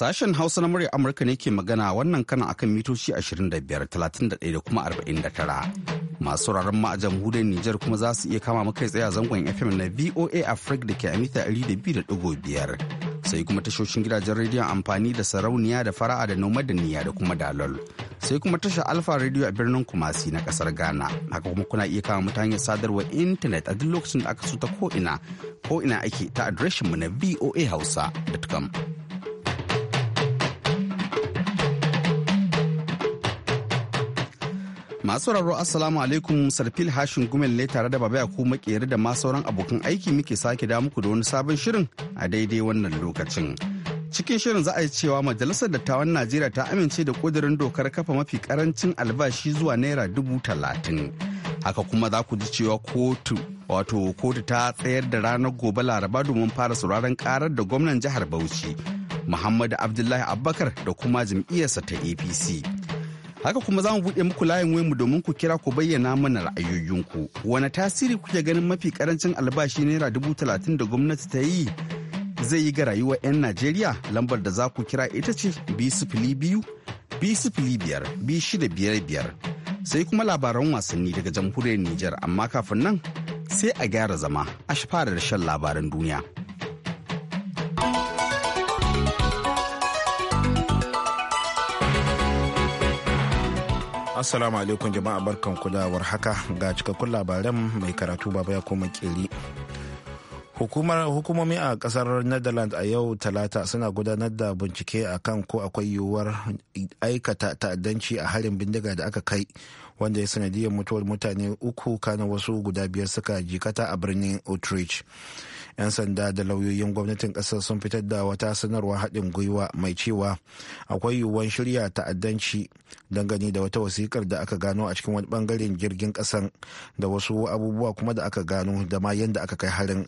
Sashen Hausa na murya Amurka ne ke magana wannan kana akan mitoci 25, da kuma 49. Masu rarar ma a jamhuriyar Nijar kuma za su iya kama maka tsaye a zangon FM na VOA Africa da ke a mita 200.5. Sai kuma tashoshin gidajen rediyon amfani da sarauniya da fara'a da noma da niyya da kuma dalol. Sai kuma tashar Alfa rediyo a birnin Kumasi na kasar Ghana. Haka kuma kuna iya kama mutane sadarwar intanet a duk lokacin da aka so ta ko ina ake ta adireshinmu na voahausa.com. Masu sauraro Assalamu alaikum Sarfil Hashin Gumel ne tare da Babaya ko makeri da ma sauran abokan aiki muke sake da muku da wani sabon shirin a daidai wannan lokacin. Cikin shirin za a yi cewa Majalisar Dattawan Najeriya ta amince da kudirin dokar kafa mafi karancin albashi zuwa naira dubu talatin. Haka kuma za ku ji cewa kotu wato kotu ta tsayar da ranar gobe laraba domin fara sauraron karar da gwamnan jihar Bauchi Muhammadu Abdullahi Abubakar da kuma jam'iyyarsa ta APC. Haka kuma za mu buɗe muku layin mu domin ku kira ku bayyana mana ra'ayoyinku. Wane tasiri kuke ganin mafi karancin albashi naira dubu talatin da gwamnati ta yi zai yi ga rayuwa 'yan Najeriya lambar da za ku kira ita ce biyu biyar biyar sai kuma labaran wasanni daga jamhuriyar Nijar amma kafin nan sai a gyara zama a fara da shan labaran duniya. Assalamu alaikum jama'a barkan kulawar haka ga cikakkun labaran mai karatu baba ya koma kiri. Hukumar hukumomi a kasar Netherlands a yau talata suna gudanar da bincike a kan ko akwai yiwuwar aikata ta'addanci a harin bindiga da aka kai wanda ya sanadiyar mutuwar mutane uku kana wasu guda biyar suka jikata a birnin Utrecht. 'yan sanda da lauyoyin gwamnatin kasar sun fitar da wata sanarwa haɗin gwiwa mai cewa akwai yiwuwan shirya ta'addanci dangane da wata wasikar da aka gano a cikin wani bangaren jirgin kasan da wasu abubuwa kuma da aka gano da ma yadda aka kai harin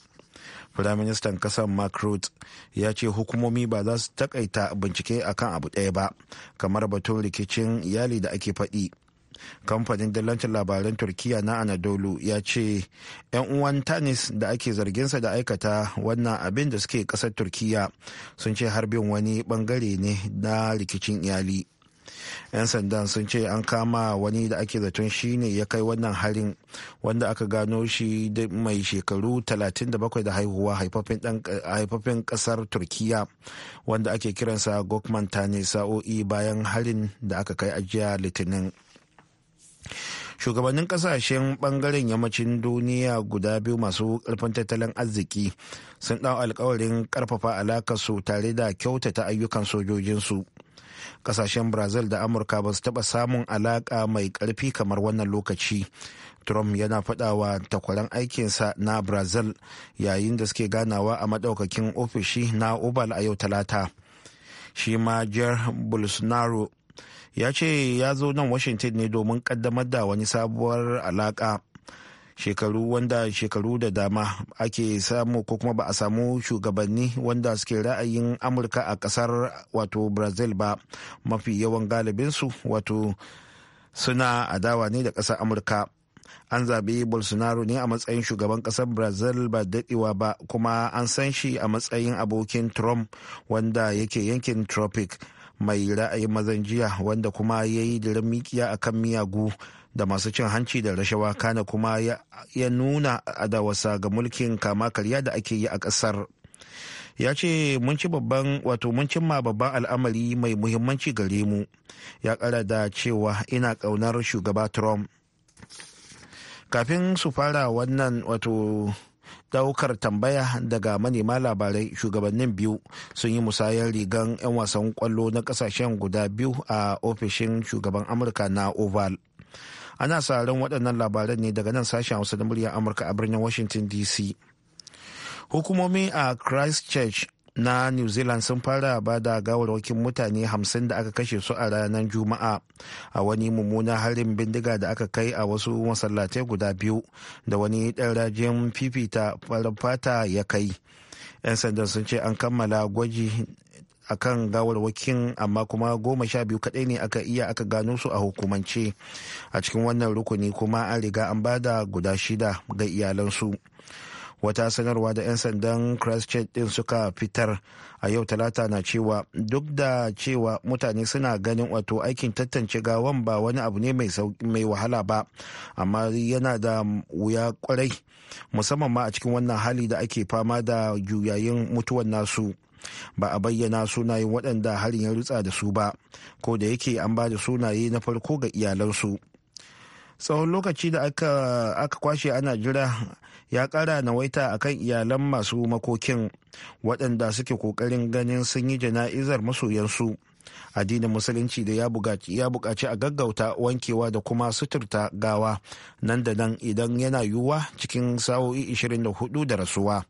firaministan kasar mark Rutte ya ce hukumomi ba za su takaita bincike akan abu ɗaya ba kamar batun rikicin iyali da ake faɗi kamfanin dillancin labaran turkiya na anadolu ya ce 'yan uwan tanis da ake zarginsa da aikata wannan abin da suke kasar turkiya sun ce harbin wani bangare ne na rikicin iyali 'yan sandan sun ce an kama wani da ake zaton shi ne ya kai wannan harin wanda aka gano shi da mai shekaru 37 da haihuwa haifafin kasar turkiya wanda ake kiransa gokman tane sa'o'i bayan harin da aka kai ajiya litinin shugabannin kasashen bangaren yammacin duniya guda biyu masu karfin tattalin arziki sun ɗau alkawarin karfafa su tare da kyautata ayyukan sojojinsu kasashen brazil da amurka ba su taɓa samun alaƙa mai ƙarfi kamar wannan lokaci trump yana faɗawa takwaran aikinsa na brazil yayin da suke ganawa a madaukakin ofishi na oval a yau talata shi ma jair bolsonaro ya ce ya zo nan washington ne domin kaddamar da wani sabuwar alaka shekaru wanda shekaru da dama ake samu ko kuma ba a samu shugabanni wanda suke ra'ayin amurka a kasar wato brazil ba mafi yawan galibinsu wato suna adawa ne da kasar amurka an zaɓi bolsonaro ne a matsayin shugaban ƙasar brazil ba daɗewa ba kuma an san shi a matsayin abokin trump wanda yake yankin tropic mai ra'ayin mazan jiya wanda kuma ya yi diran mikiya a kan miyagu da masu cin hanci da rashawa kana kuma ya nuna adawarsa ga mulkin kama karya da ake yi a ƙasar ya ce mun ci babban wato mun cimma babban al'amari mai muhimmanci gare mu ya ƙara da cewa ina ƙaunar shugaba trump kafin su fara wannan wato daukar tambaya daga manema labarai shugabannin biyu sun yi musayar rigan 'yan wasan kwallo na kasashen guda biyu a ofishin shugaban amurka na oval ana ran waɗannan labaran ne daga nan sashen hausa da muryar amurka a birnin washington dc hukumomi a christchurch na new zealand sun fara ba da gawarwakin mutane hamsin da aka kashe su a ranar juma'a a wani mummunan harin bindiga da aka kai a wasu masallatai guda biyu da wani ɗan rajin fifita farin fata ya kai 'yan sandan sun ce an kammala gwaji a kan gawarwakin amma kuma goma sha biyu kaɗai ne aka iya aka gano su a hukumance a cikin wannan rukuni kuma an riga an bada guda shida ga iyalansu wata sanarwa da 'yan sandan christchurch din suka fitar a yau talata na cewa duk da cewa mutane suna ganin wato aikin tantance gawan ba wani abu ne mai wahala ba amma yana da wuya kwarai musamman ma a cikin wannan hali da ake fama da juyayin mutuwan nasu ba a bayyana sunayen waɗanda harin ya rutsa da su ba ko da yake an ba da sunaye na farko ga iyalansu tsawon lokaci da aka, kwashe ana jira ya ƙara nawaita a kan iyalan masu makokin waɗanda suke ƙoƙarin ganin sun yi jana'izar masoyansu addinin musulunci da ya buƙaci a gaggauta wankewa da kuma suturta gawa nan da nan idan yana yiwuwa cikin sa'o'i 24 da rasuwa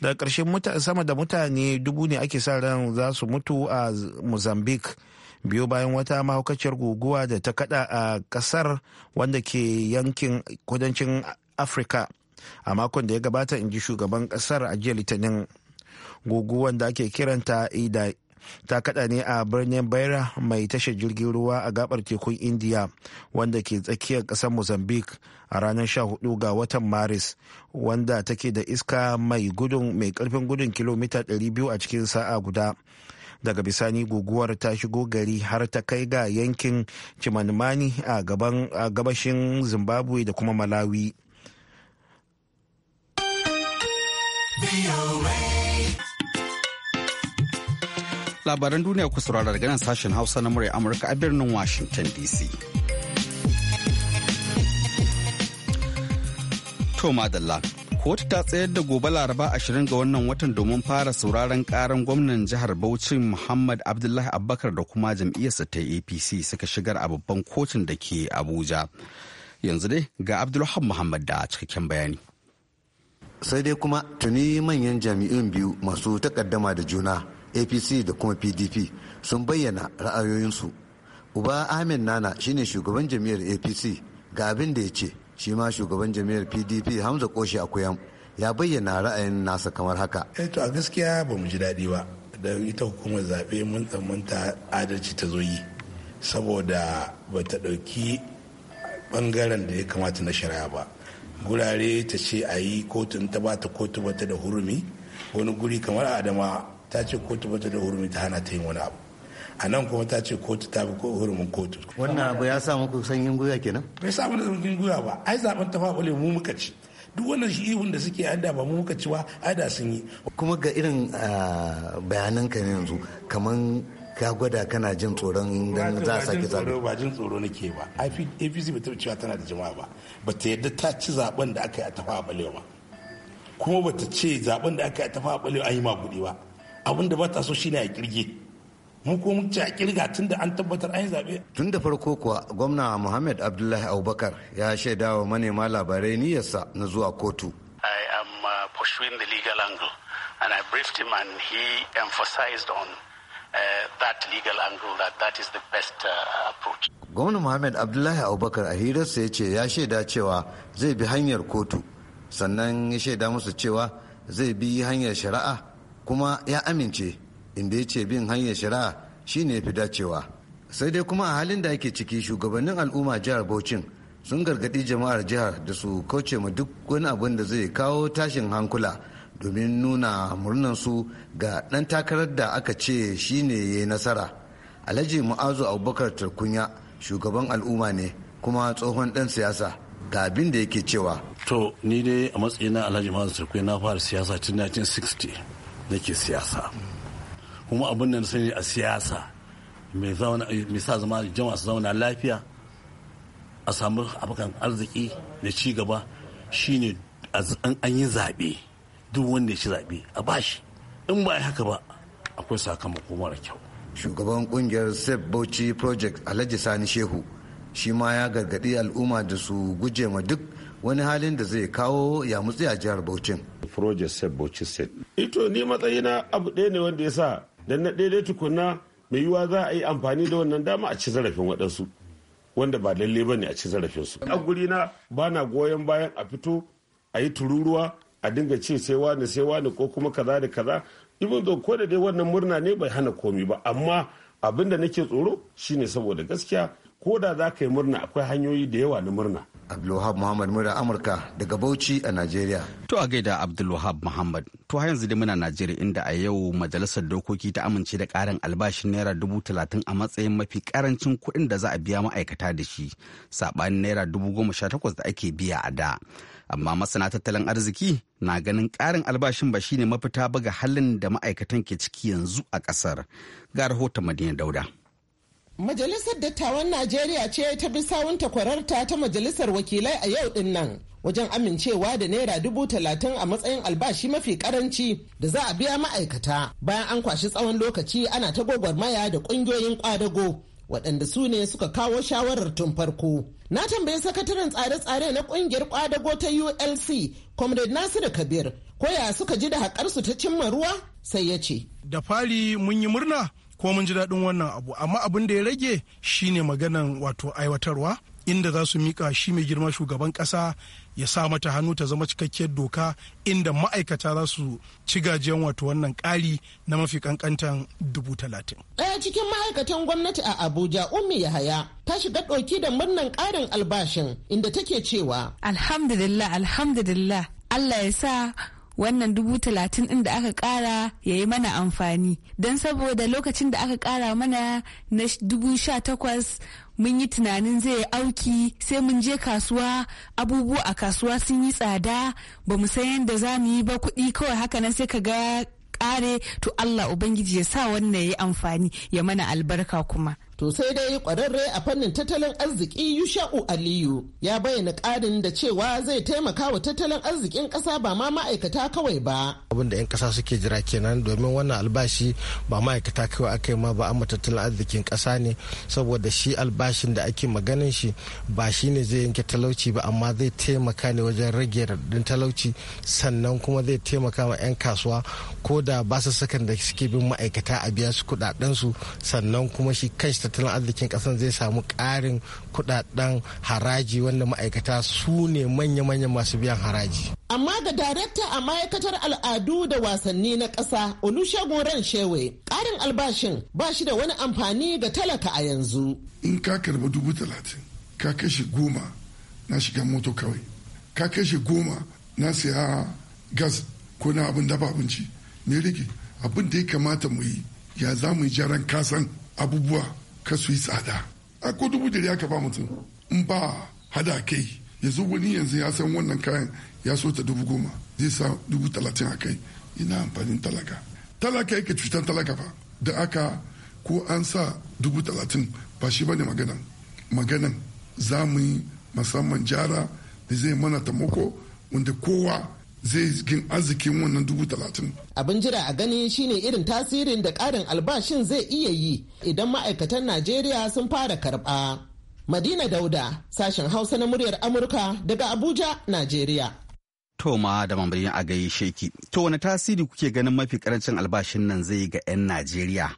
daga ƙarshen sama da mutane dubu ne ake sa ran za su mutu a mozambique biyu bayan wata mahaukaciyar guguwa da ta kada a kasar wanda ke yankin kudancin afirka a makon da ya gabata in ji shugaban kasar a jiya litinin guguwan da ake kiranta ida ta kada ne a birnin baira mai tashar jirgin ruwa a gabar tekun indiya wanda ke tsakiyar kasar mozambique a ranar 14 ga watan maris wanda take da iska mai gudun mai karfin gudun kilomita 200 a cikin sa'a guda daga bisani guguwar ta shigo gari har ta kai ga yankin chimanimani a gabashin zimbabwe da kuma malawi Labaran duniya ku saurara daga nan sashen Hausa na murya Amurka a birnin Washington DC. To madalla. kotu ta tsayar da gobe laraba ashirin ga wannan watan domin fara sauraron karan gwamnan jihar bauchi muhammad abdullahi abubakar da kuma jam'iyyarsa ta apc suka shigar a babban kotun da ke abuja yanzu dai ga abdullahi muhammad da cikakken bayani sai dai kuma tuni manyan jami'in biyu masu takaddama da juna apc da kuma pdp sun bayyana ra'ayoyinsu uba ahmed nana shine shugaban jami'ar apc ga abin da ya ce shi ma shugaban jami'ar pdp hamza koshi akuyam ya bayyana ra'ayin nasa kamar haka eh to a gaskiya ba mu ji daɗi ba da ita hukumar zaɓe mun tsammanta adalci ta zo yi saboda ba ta ɗauki ɓangaren da ya kamata na shari'a ba gurare ta ce a yi kotu ta ba ta kotu bata da hurumi wani guri kamar adama ta ce kotu bata da hurumi ta hana ta yin wani abu a nan kuma ta ce kotu ta fi hurumin kotu. wannan abu ya sa muku sanyin guya kenan bai sa da sanyin guya ba ai zaben ta faɓule mu muka ci duk wannan ihun da suke ada ba mu muka ci ba da sun yi kuma ga irin ah, bayanan ka yanzu kaman ka gwada kana jin tsoron dan za a sake zaɓe ba jin tsoro nake ba apc ba ta cewa tana da jama'a ba ba ta yadda ta ci zaben da aka yi a tafa a ba kuma ba ta ce zaben da aka yi a tafa a balewa an yi maguɗi ba abin da ba ta so shine a kirge mun ko mun a kirga tun da an tabbatar an yi zaɓe. tun da farko kuwa gwamna muhammad abdullahi abubakar ya shaida wa manema labarai niyyarsa na zuwa kotu. i am uh, pursuing the legal angle and i briefed him and he emphasized on Uh, that legal angle that is the best uh, approach. Gwamnan Muhammad Abdullahi Abubakar a hirarsa ya ce ya shaida cewa zai bi hanyar kotu sannan ya shaida musu cewa zai bi hanyar shari'a kuma ya amince inda ya ce bin hanyar shari'a shine fi dacewa. Sai dai kuma a halin da ake ciki shugabannin al'umma jihar Bauchin sun gargaɗi jama'ar jihar da su kauce ma duk wani abin da zai kawo tashin hankula. domin nuna su ga ɗan takarar da aka ce shine ya yi nasara alhaji mu'azu abubakar tarkunya shugaban al'umma ne kuma tsohon ɗan siyasa ga abin da yake cewa to ni dai a matsayina alhaji mu'azu tarkunya na fara siyasa tun 1960 nake siyasa kuma abin da na sani a siyasa mai sa zama jama'a su zauna lafiya a samu abokan arziki da ci gaba shine an yi zaɓe duk wanda ya ci zaɓe a bashi in ba haka ba akwai sakamako mara kyau shugaban kungiyar sef bauchi project alhaji sani shehu shi ma ya gargaɗi al'umma da su guje ma duk wani halin da zai kawo ya mutsi a jihar Bauchin. Project Sef Bauchi State. Ito ni matsayi na abu ɗaya ne wanda ya sa dan na ɗaya tukunna mai yiwuwa za a yi amfani da wannan dama a ci zarafin waɗansu wanda ba lalle ba ne a ci zarafin su. A guri na ba na goyon bayan a fito a yi tururuwa a dinga ce sai wani sai wani ko kuma kaza da kaza ibn ko da dai wannan murna ne bai hana komi ba amma abin da nake tsoro shine saboda gaskiya ko da za ka yi murna akwai hanyoyi da yawa na murna Abdulwahab Muhammad mura Amurka daga Bauchi a Najeriya. To a gaida Abdulwahab Muhammad. To har yanzu da muna Najeriya inda a yau majalisar dokoki ta amince da karin albashin naira dubu talatin a matsayin mafi karancin kuɗin da za a biya ma'aikata da shi saɓanin naira dubu goma sha takwas da ake biya a da. amma masana tattalin arziki na ganin ƙarin albashin ba shine mafita ba ga halin da ma'aikatan ke ciki yanzu a ƙasar ga rahoton madina dauda majalisar dattawan najeriya ce ta bi sawun takwararta ta majalisar wakilai a yau din nan wajen amincewa da naira dubu talatin a matsayin albashi mafi karanci da za a biya ma'aikata bayan an kwashi tsawon lokaci ana ta gwagwarmaya da ƙungiyoyin ƙwadago waɗanda su ne suka kawo shawarar tun farko. Na tambayi sakataren tsare-tsare na ƙungiyar kwadago ta ULC, Comrade Nasiru Kabir, ko ya suka ji da haƙarsu ta cimma ruwa sai ya ce. Da fari mun yi murna ko mun ji daɗin wannan abu, amma abin da ya rage shine maganan wato aiwatarwa inda za su mika shi mai girma shugaban ƙasa ya sa mata hannu ta zama cikakkiyar doka inda ma'aikata za su ci gajiyan wato wannan ƙari na mafi kankantan dubu talatin. Ɗaya cikin ma'aikatan gwamnati a Abuja Ummi Yahaya ta shiga ɗauki da murnan ƙarin albashin inda take cewa. Alhamdulillah, alhamdulillah, Allah ya sa wannan dubu talatin ɗin da aka ƙara ya yi mana amfani don saboda lokacin da aka ƙara mana na dubu sha takwas mun yi tunanin zai auki sai mun je kasuwa abubuwa a kasuwa sun yi tsada ba mu san yadda za mu yi ba kuɗi kawai haka nan sai ka ga ƙare to Allah Ubangiji ya sa wannan ya yi amfani ya mana albarka kuma. To sai dai yi kwararre a fannin tattalin arziki Yusha'u Aliyu ya bayyana ƙarin da cewa zai taimaka wa tattalin arzikin kasa ba ma ma'aikata kawai ba. Abin da 'yan kasa suke jira kenan domin wannan albashi ba ma'aikata kawai aka yi ma ba amma tattalin arzikin kasa ne saboda shi albashin da ake maganin shi ba shi ne zai yanke talauci ba amma zai taimaka ne wajen rage radadin talauci sannan kuma zai taimaka wa 'yan kasuwa ko da ba su sakan da suke bin ma'aikata a biya su kuɗaɗensu sannan kuma shi kai. tattalin arzikin kasan zai samu ƙarin kudaden haraji wanda ma'aikata su ne manya-manyan masu biyan haraji. Amma ga darakta a ma'aikatar al'adu da wasanni na ƙasa Olusegun Ranshewe, ƙarin albashin ba shi da wani amfani ga talaka a yanzu. In ka karba dubu talatin, ka kashe goma na shiga moto kawai, ka kashe goma na siya gas ko na abin dafa abinci, me rike abin da ya kamata mu yi ya za mu yi jaran kasan abubuwa ka su yi tsada a ko dubu da ya ba mutum in ba hada kai yanzu wani yanzu ya san wannan kayan ya so ta dubu goma zai sa dubu talatin a kai ina amfanin talaka talaka yake cutar talaka ba da aka ko an sa dubu talatin ba shi ba ne maganan maganan za mu yi musamman jara da zai mana tamako wanda kowa zai gin arzikin wannan dubu talatin. Abin jira a gani shine irin tasirin da ƙarin albashin zai iya yi idan ma'aikatan Najeriya sun fara karɓa. Madina Dauda, sashen Hausa na muryar Amurka daga Abuja, Najeriya. To ma da mambarin a gayi sheki. To wani tasiri kuke ganin mafi karancin albashin nan zai yi ga 'yan Najeriya?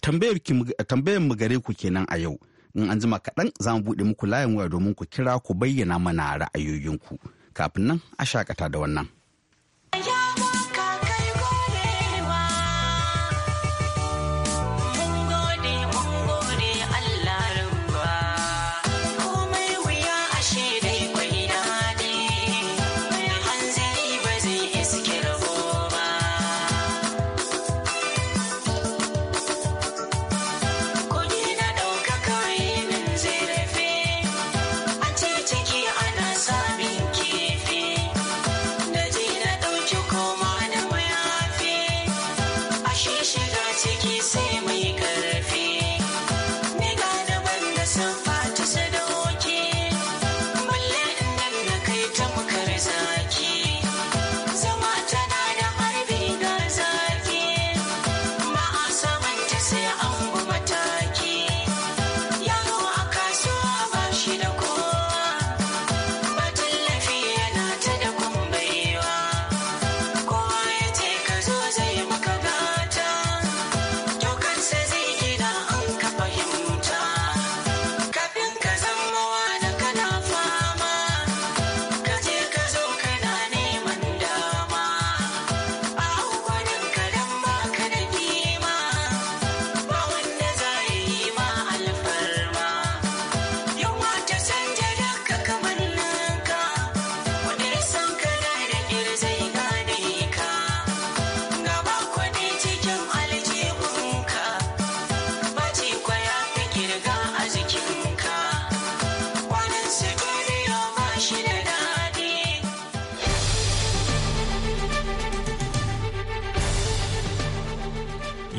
Tambayar mu gare ku kenan a yau. In an jima kaɗan za mu buɗe muku layin waya domin ku kira ku bayyana mana ra'ayoyinku. Kafin nan a shakata da wannan. ciki sai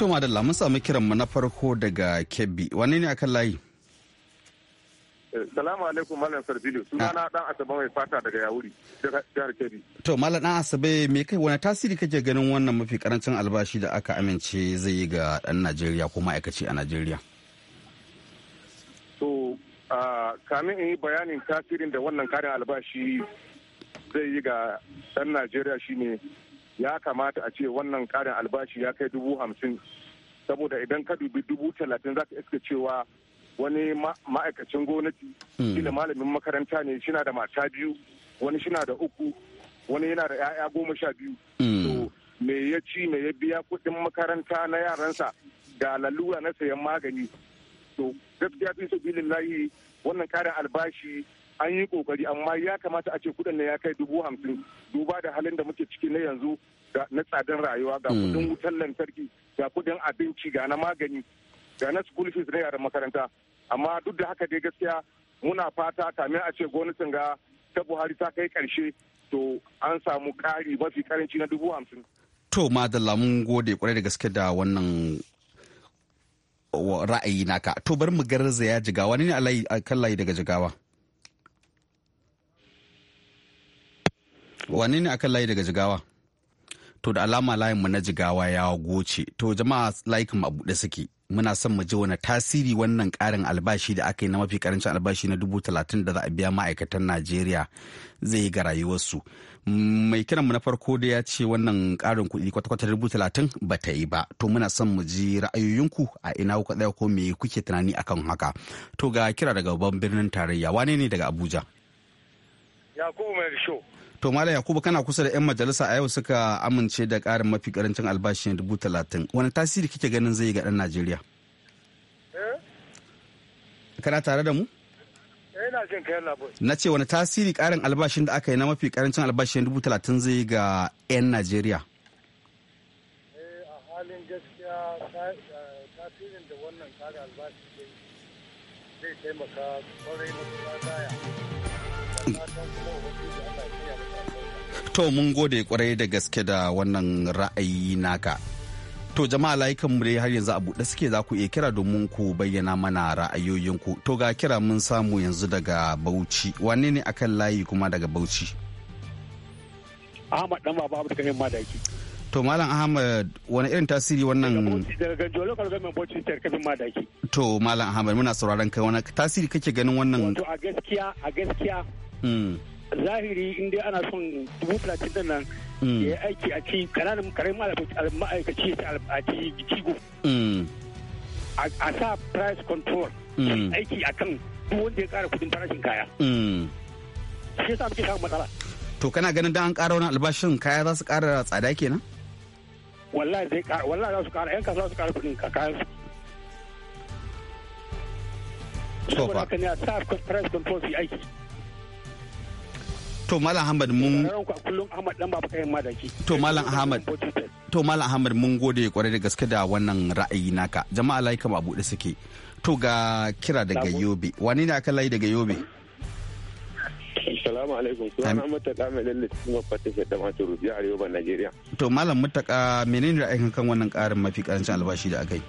To madalla mun samu kiran mu na farko daga Kebbi. wani ne akan layi? Eh, salamu alaikum Malam Sarbilu. na ah. dan Asabe mai fata daga Yawuri, jihar Kebbi. To Malam dan Asabe me kai wani tasiri kake ganin wannan mafi karancin albashi da aka amince zai yi ga dan Najeriya ko ma'aikaci a Najeriya? To kamin in yi bayanin tasirin da wannan karin albashi zai yi ga dan Najeriya shine ya kamata a ce wannan karin albashi ya kai dubu hamsin saboda idan ka dubi dubu talatin za ka iska cewa wani ma'aikacin gwamnati hmm. kila malamin makaranta ne shina da mata biyu wani shina da uku wani yana da 'ya'ya goma sha biyu hmm. to me ya ci me ya biya kuɗin makaranta na yaransa da lalura na sayan magani to gaskiya fi layi wannan karin albashi an yi kokari amma ya kamata a ce kudin na ya kai dubu hamsin duba da halin da muke ciki na yanzu na tsadar rayuwa ga hmm. kudin wutar lantarki ga kudin abinci ga na magani ga na school fees na yaran makaranta amma duk da haka dai gaskiya muna fata kamin a ce gwamnatin ga ta buhari ta kai karshe to an samu ƙari mafi karanci na dubu hamsin. to madalla mun gode kwarai da gaske da wannan ra'ayi naka to bari mu garzaya jigawa ne ne a kan layi daga jigawa. Wane ne akan layi daga jigawa? To da alama layin mu na jigawa ya goce. To jama'a layinmu a buɗe suke. Muna son mu ji wani tasiri wannan ƙarin albashi da aka yi na mafi ƙarancin albashi na dubu talatin da za a biya ma'aikatan Najeriya zai yi ga rayuwarsu. Mai kiran mu na farko da ya ce wannan ƙarin kuɗi kwata-kwata dubu talatin ba ta yi ba. To muna son mu ji ra'ayoyinku a ina kuka tsaya ko me kuke tunani akan haka. To ga kira daga babban birnin tarayya wane ne daga Abuja? Yakubu Mai Risho. to malam yakubu kana kusa da 'yan majalisa a yau suka amince da karin mafi karancin albashin dubu talatin wani tasiri kike ganin zai yi ga dan najeriya eh? kana tare da mu eh, na ce wani tasiri karin albashin da aka yi na mafi karancin albashin dubu talatin zai yi ga 'yan najeriya eh, halin gaskiya tasirin da wannan albashi zai taimaka kwarai na kuma To mun gode kwarai da gaske da wannan ra'ayi naka. To jama'a layukan mu dai har yanzu a buɗe suke za ku iya kira domin ku bayyana mana ra'ayoyinku. To ga kira mun samu yanzu daga Bauchi. Wane ne akan layi kuma daga Bauchi? Ahmad dan baba Abdul Karim Madaki. To Malam Ahmad wani irin tasiri wannan daga Jolo Kalgame Bauchi Tarkafin Madaki. To Malam Ahmad muna sauraron kai wani tasiri kake ganin wannan Wato a gaskiya a gaskiya. Hmm. zahiri in dai ana son dubu talatin da nan mm. ya aiki a ci kananan karamin ma'aikaci a ci cigo mm. a sa price control mm. aiki a kan duk wanda ya kara kudin farashin kaya shi sa muke samun matsala to kana ganin dan an kara wani albashin kaya za su kara tsada kenan wallahi zai kara wallahi za su kara yan kasuwa su kara kudin kayan su saboda haka ne a sa price control su aiki to malam ahmad mun eh, to malam ahmad to malam ahmad mun gode kwarai da gaske da wannan ra'ayi naka jama'a laika kama bude suke to ga kira daga yobe wani ne aka layi daga yobe Assalamu alaikum sunana mutaka mai lallace kuma fata da mata rubiya a Yoruba nigeria To malam mutaka menene ra'ayin kan wannan karin mafi karancin albashi da aka yi?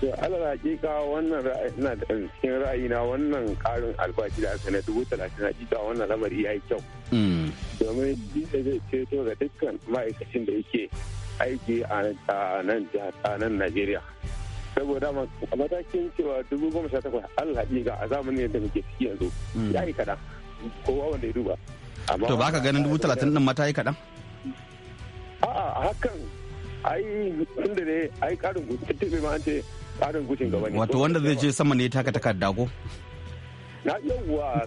to alal hakika wannan ina na cikin ra'ayina wannan karin albashi da aka na dubu talatin hakika wannan lamari ya yi kyau hmm. domin bisa zai ceto ga dukkan ma'aikacin da yake aiki a nan a nan najeriya saboda a matakin cewa dubu goma sha takwas alal hakika a zamanin yadda muke ciki yanzu hmm. ya yi kaɗan kowa wanda ya duba to ba ka ganin dubu talatin din mata yi kaɗan a'a hakan ai tunda ne ai karin kuɗi ma an ce tsarin gushin gaba ne wato wanda zai je sama ne taka takarda ko na yawwa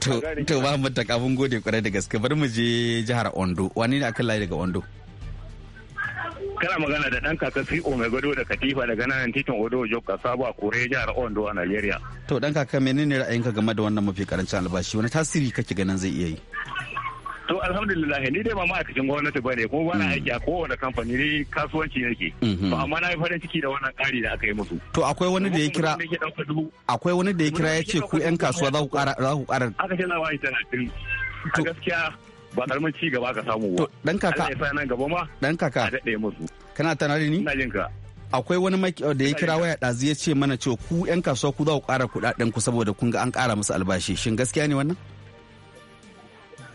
to ba mu taka gode kwarai da gaske bari mu je jihar Ondo wani ne akan layi daga Ondo kana magana da ɗan kaka CEO mai gado da katifa daga nan titin Odo Job ka kore jihar Ondo a Najeriya to ɗan kaka menene ra'ayinka game da wannan mafi karancin albashi wani tasiri kake ganin zai iya yi To alhamdulillah ni dai ba ma'aikacin gwamnati ba ne kuma ba na mm. aiki a kowane kamfani ne kasuwanci nake. Mm-hmm. To amma na yi farin ciki da wannan ƙari da aka yi musu. To akwai wani da ya kira akwai wani da ya kira ya ce ku 'yan kasuwa za ku ƙara. Aka ce na tana tiri A gaskiya ba karamin ci gaba ka samu ba. To dan kaka. ya sa nan gaba ma. Dan kaka. A daɗe musu. Kana tanari ni? Ina jin ka. akwai wani da ya kira waya ɗazu ya ce mana cewa ku 'yan kasuwa ku za ku ƙara kuɗaɗen ku saboda kun ga an ƙara musu albashi shin gaskiya ne wannan?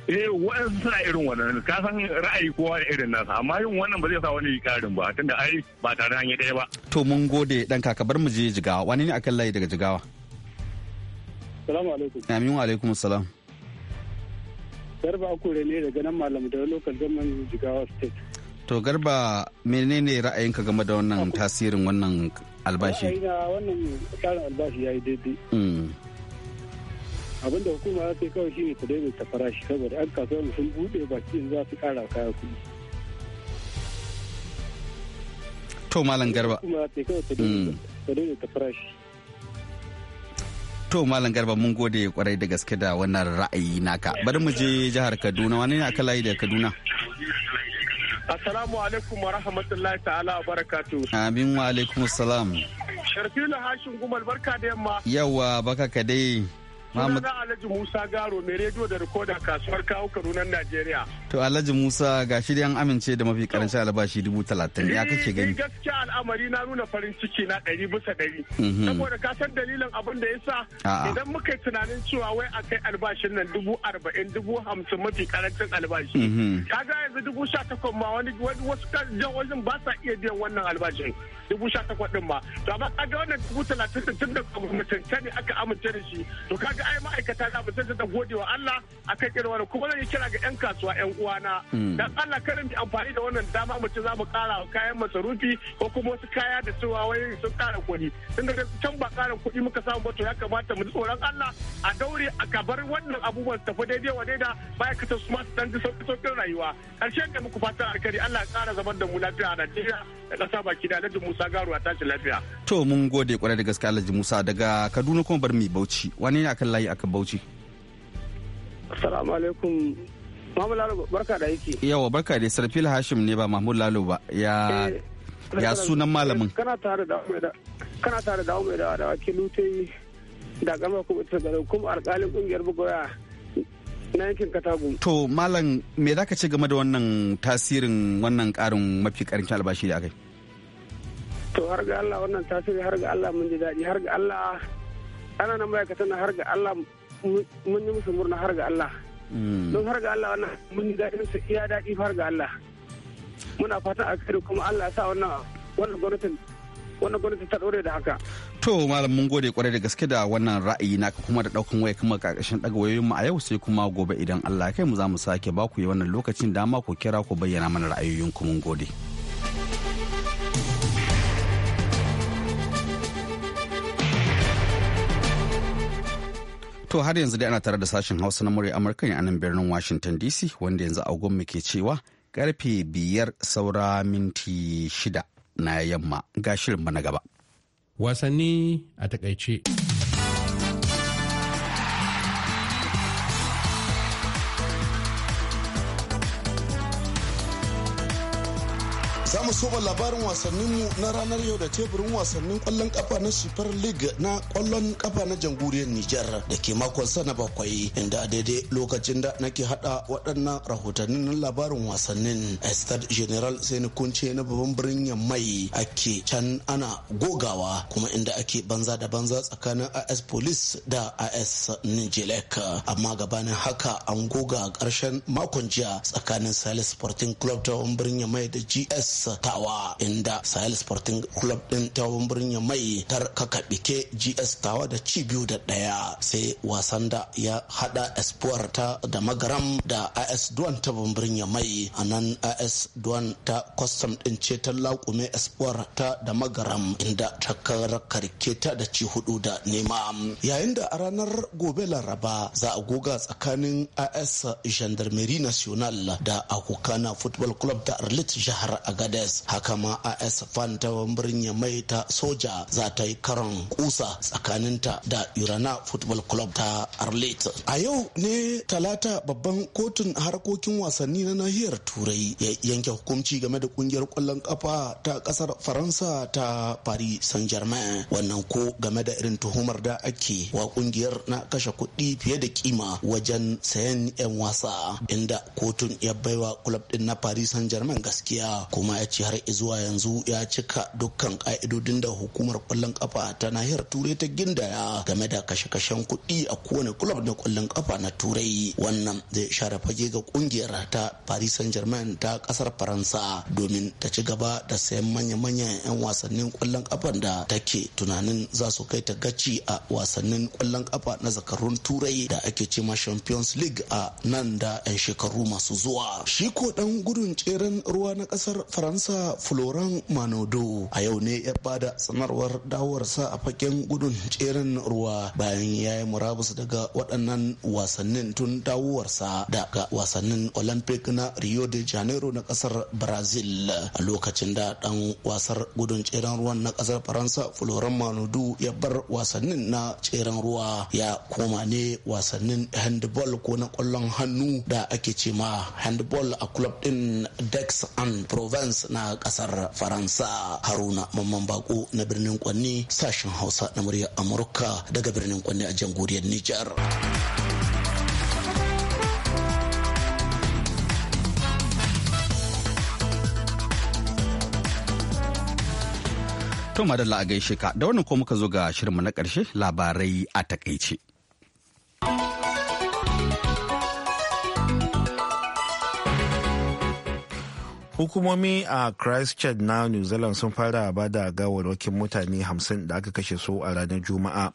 eh waɗansu suna irin wannan ka san ra'ayi kowa da irin nasa amma yin wannan ba zai sa wani karin ba tunda ai ba tare hanya ɗaya ba to mun gode dan kaka bar mu je jigawa wani ne akan layi daga jigawa salamu alaikum amin wa alaikum salam garba akure ne daga nan malam da local government jigawa state to garba menene ra'ayinka game da wannan tasirin wannan albashi ra'ayina wannan tsarin albashi yayi daidai mm. abin da hukuma za ta yi kawai shine ta daidaita farashi saboda an kasuwar sun buɗe baki za su kara kaya kuɗi. to malam garba ta ta hmm. to malam garba mun gode kwarai da gaske da wannan ra'ayi naka bari mu je jihar kaduna wani ne aka layi da kaduna Assalamu alaikum wa rahmatullahi ta'ala wa barakatu. Amin wa alaikum salam. na Hashin Gumal barka da yamma. Yawa baka ka dai. Mahmud Alhaji Musa Garo mai rediyo da rikoda kasuwar kawo Kadunan Najeriya. To Alhaji Musa ga shi an amince da mafi karancin albashi dubu talatin ya eh, kake gani. Gaskiya al'amari na nuna farin ciki na ɗari bisa ɗari. Mhm. Saboda ka san dalilin abin da ya sa idan muka yi tunanin cewa wai a kai albashin nan dubu arba'in dubu hamsin mafi karancin albashi. Mhm. Kaga yanzu dubu sha takwas ma wani wasu jihohin ba sa iya biyan wannan albashin. dubu sha takwas din ma to amma kaga wannan dubu talatin tun da gwamnatance ne aka amince da shi to kaga ai ma'aikata za mu da gode wa Allah a akan irin wannan kuma zan kira ga yan kasuwa yan uwana hmm. dan Allah karin bi amfani da wannan dama mu ce za mu kara kayan masarufi ko kuma wasu kaya da cewa wai sun kara kuɗi tun da can ba kara kuɗi muka samu ba to ya kamata mu tsoron Allah a daure a kabar wannan abubuwan tafi daidai wa daida ma'aikata su ma su dan ji sauƙin rayuwa ƙarshen da muku fatan alkari Allah ya kara zaman da mu lafiya a Najeriya da ƙasa baki da Alhaji Musa Musa Garu a tashi lafiya. To mun gode kwarai da gaske Alhaji Musa daga Kaduna kuma bar mu Bauchi. Wane ne akan layi akan Bauchi? Assalamu alaikum. Mahmud Lalo barka da yake. Yawa barka da Sarfil Hashim ne ba Mahmud Lalo ba. Ya eh, ya eh, sunan malamin. Eh, kana tare da kana tare da mai da da kilutai da gama kuma ta da kuma alƙalin kungiyar bugoya na yankin katagun. To malam me zaka ce game da wannan tasirin wannan ƙarin mafi ƙarancin albashi da akai? to har ga Allah wannan tasiri har ga Allah mun ji daɗi har ga Allah ana nan ma'aikatan har ga Allah mun yi musu murna har ga Allah mm. don har ga Allah wannan mun ji daɗin su iya daɗi har ga Allah muna fatan a kai kuma Allah ya sa wannan wannan gwamnatin wannan gwamnatin ta dore da haka to malam mun gode kwarai da gaske da wannan ra'ayi naka kuma da daukan waya kuma karkashin daga wayoyin mu a yau sai kuma gobe idan Allah ya kai mu za mu sake ba ku yi wannan lokacin dama ku kira ku bayyana mana ra'ayoyin ku mun gode To har yanzu dai ana tare da sashen Hausa na murya Amurka ne a nan birnin Washington DC wanda yanzu mu ke cewa karfe biyar saura minti shida na yamma ga ba na gaba. Wasanni a takaice. mu soba labarin wasanninmu na ranar yau da teburin wasannin kwallon kafa na Super League na kwallon kafa na jamhuriyar Nijar da ke makon sana bakwai inda daidai lokacin da nake hada waɗannan rahotannin na labarin wasannin Estad General Sani Kunce na babban birnin Yammai ake can ana gogawa kuma inda ake banza da banza tsakanin AS Police da AS Nijilek amma gabanin haka an goga ƙarshen makon jiya tsakanin Salis Sporting Club ta birnin Yammai da GS fafatawa inda sahel sporting club din tawon birnin mai tar kakabike gs tawa da ci biyu da daya sai wasan da ya hada espoir ta da magaram da is duwan ta birnin mai a nan is duwan ta custom din ce ta laƙume espoir ta da magaram inda ta karkarke ta da ci hudu da nema yayin da a ranar gobe laraba za a goga tsakanin is gendarmerie national da akukana football club da arlit jihar agadez as haka ma as fan ta birnin mai ta soja za ta yi karon kusa tsakaninta da urana football club ta arlet a yau ne talata babban kotun harkokin wasanni na nahiyar turai ya yanke hukunci game da kungiyar kwallon kafa ta kasar faransa ta paris saint germain wannan ko game da irin tuhumar da ake wa kungiyar na kashe kuɗi fiye da kima wajen sayan 'yan wasa inda kotun ya baiwa club din na paris saint germain gaskiya kuma ya ce ce har zuwa yanzu ya cika dukkan ka'idodin da hukumar kwallon kafa ta nahiyar turai ta gindaya game da kashe-kashen kuɗi a kowane kulob na kwallon kafa na turai wannan zai share fage ga kungiyar ta paris saint germain ta kasar faransa domin ta ci gaba da sayan manya-manyan 'yan wasannin kwallon kafa da take tunanin za su kai ta gaci a wasannin kwallon kafa na zakarun turai da ake cema champions league a nan da 'yan shekaru masu zuwa shi ko dan gudun tseren ruwa na kasar faransa sunansa Floran Manodo a yau ne ya bada sanarwar dawarsa a fagen gudun tseren ruwa bayan ya yi murabus daga waɗannan wasannin tun dawowarsa daga wasannin Olympic na Rio de Janeiro na ƙasar Brazil a lokacin da ɗan wasar gudun tseren ruwan na kasar Faransa Floran Manodo ya bar wasannin na tseren ruwa ya koma ne wasannin handball ko na kwallon hannu da ake ce ma handball a club ɗin Dex and Provence na na kasar faransa haruna mamman bako na birnin kwanni sashen hausa na muryar amurka daga birnin kwanni a jamhuriyar nijar To madalla a gaishe ka da wannan ko muka zo ga shirin mu na ƙarshe labarai a takaice. hukumomi a christchurch na new zealand sun fara ba da gawarwakin mutane 50 da aka kashe su a ranar juma'a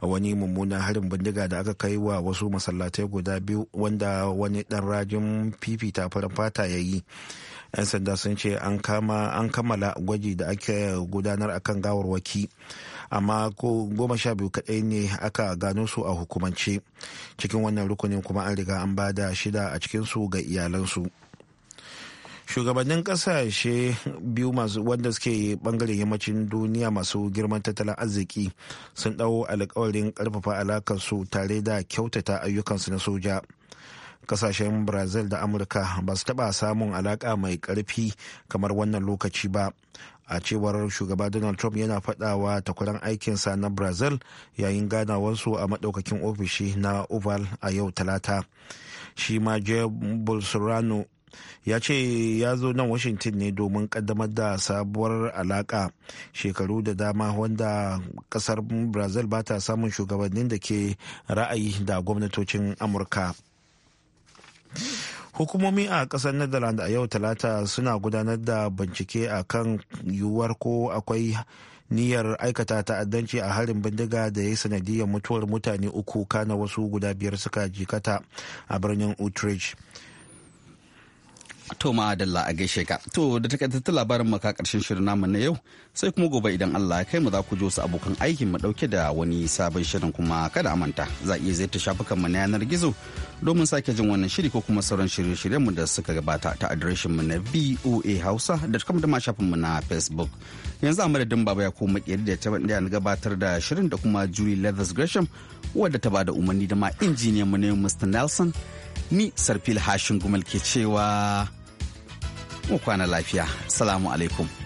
a wani mummunan harin bindiga da aka kai wa wasu masallatai guda biyu wanda wani dan rajin fifita farin fata ya yi 'yan sanda sun ce an kammala gwaji da ake gudanar akan gawarwaki amma ko goma sha biyu kaɗai ne aka gano su a hukumance cikin wannan rukunin kuma an riga an bada shida a cikinsu ga iyalansu. shugabannin kasashe biyu masu wanda suke bangaren yammacin duniya masu girman tattalin arziki sun dawo alkawarin ƙarfafa alakarsu tare da kyautata ayyukansu na soja kasashen brazil da amurka ba su taɓa samun alaka mai karfi kamar wannan lokaci ba a cewar shugaba donald trump yana faɗawa takwaran aikinsa na brazil yayin ganawarsu a madaukakin ofishi na oval a yau talata shi ma jeb bolsonaro ya ce ya zo nan washington ne domin kaddamar da sabuwar alaka shekaru da dama wanda kasar brazil ba ta samun shugabannin da ke ra'ayi da gwamnatocin amurka hukumomi a kasar netherlands a yau talata suna gudanar da bincike a kan yiwuwar ko akwai niyyar aikata ta'addanci a harin bindiga da ya yi sanadiyar mutuwar mutane uku kana wasu guda biyar suka jikata a birnin utrecht To ma'adalla a gaishe ka. To da takaitattun labarin maka karshen shirin namu na yau sai kuma gobe idan Allah ya kai mu za ku ji wasu abokan aikin mu dauke da wani sabon shirin kuma kada a manta za a iya ziyarta shafukan mu na yanar gizo domin sake jin wannan shiri ko kuma sauran shirye-shiryen mu da suka gabata ta adireshin mu na Hausa da kuma da ma shafin mu na Facebook. Yanzu a madadin baba ya koma kiyar da ta na gabatar da shirin da kuma Julie Leathers Gresham wadda ta bada umarni da ma injiniyan mu ne Mr. Nelson ni Sarfil Hashin Gumal ke cewa mu kwana lafiya salamu alaikum